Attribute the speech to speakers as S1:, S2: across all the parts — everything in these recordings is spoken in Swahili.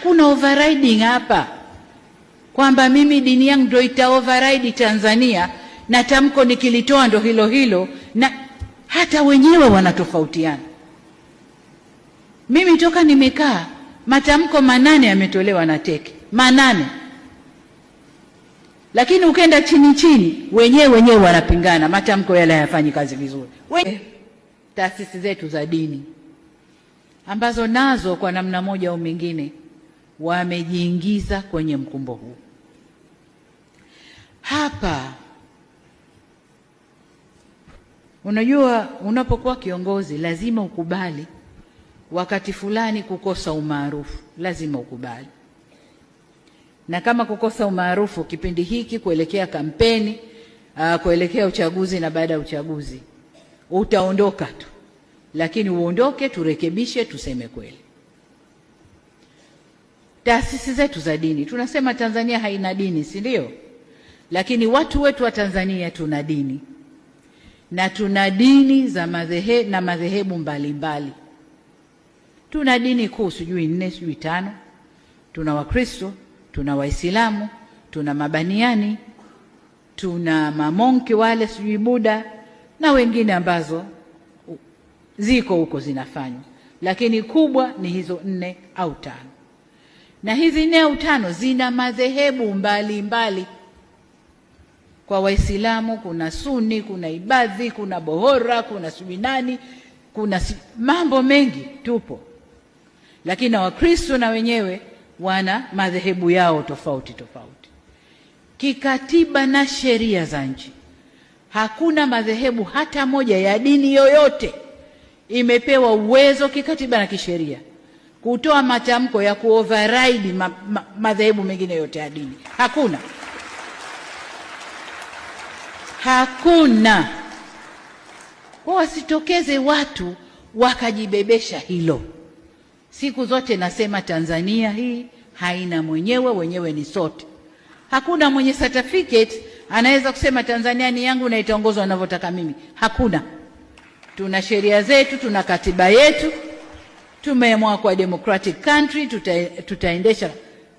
S1: hakuna overriding hapa kwamba mimi dini yangu ndio ita override Tanzania na tamko nikilitoa ndo hilo hilo, na hata wenyewe wanatofautiana. Mimi toka nimekaa matamko manane yametolewa na teke manane, lakini ukenda chini chini, wenyewe wenyewe wanapingana, matamko yale hayafanyi kazi vizuri. Taasisi zetu za dini ambazo nazo kwa namna moja au mingine wamejiingiza kwenye mkumbo huu. Hapa unajua, unapokuwa kiongozi lazima ukubali wakati fulani kukosa umaarufu, lazima ukubali. Na kama kukosa umaarufu kipindi hiki kuelekea kampeni, uh, kuelekea uchaguzi na baada ya uchaguzi utaondoka tu, lakini uondoke, turekebishe, tuseme kweli taasisi zetu za dini. Tunasema Tanzania haina dini, si ndio? Lakini watu wetu wa Tanzania tuna dini na tuna dini za madhehe, na madhehebu mbalimbali. Tuna dini kuu sijui nne sijui tano. Tuna Wakristo, tuna Waislamu, tuna mabaniani, tuna mamonki wale sijui Buda na wengine ambazo ziko huko zinafanywa, lakini kubwa ni hizo nne au tano na hizi neu tano zina madhehebu mbalimbali mbali. Kwa Waislamu kuna Suni, kuna Ibadhi, kuna Bohora, kuna Subinani, kuna mambo mengi tupo, lakini na Wakristo na wenyewe wana madhehebu yao tofauti tofauti. Kikatiba na sheria za nchi, hakuna madhehebu hata moja ya dini yoyote imepewa uwezo kikatiba na kisheria kutoa matamko ya kuoverride ma, ma, madhehebu mengine yote ya dini. Hakuna, hakuna. Kwa wasitokeze watu wakajibebesha hilo. Siku zote nasema Tanzania hii haina mwenyewe, wenyewe ni sote. Hakuna mwenye certificate anaweza kusema Tanzania ni yangu na itaongozwa ninavyotaka mimi. Hakuna. Tuna sheria zetu, tuna katiba yetu tumeamua kwa democratic country tuta, tutaendesha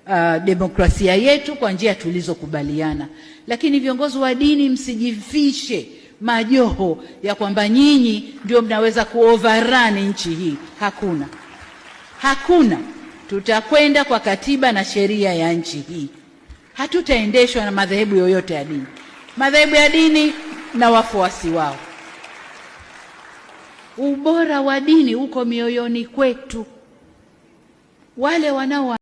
S1: uh, demokrasia yetu kwa njia tulizokubaliana. Lakini viongozi wa dini msijifishe majoho ya kwamba nyinyi ndio mnaweza kuoverrun nchi hii. Hakuna, hakuna. Tutakwenda kwa katiba na sheria ya nchi hii, hatutaendeshwa na madhehebu yoyote ya dini, madhehebu ya dini na wafuasi wao. Ubora wa dini uko mioyoni kwetu. Wale wanao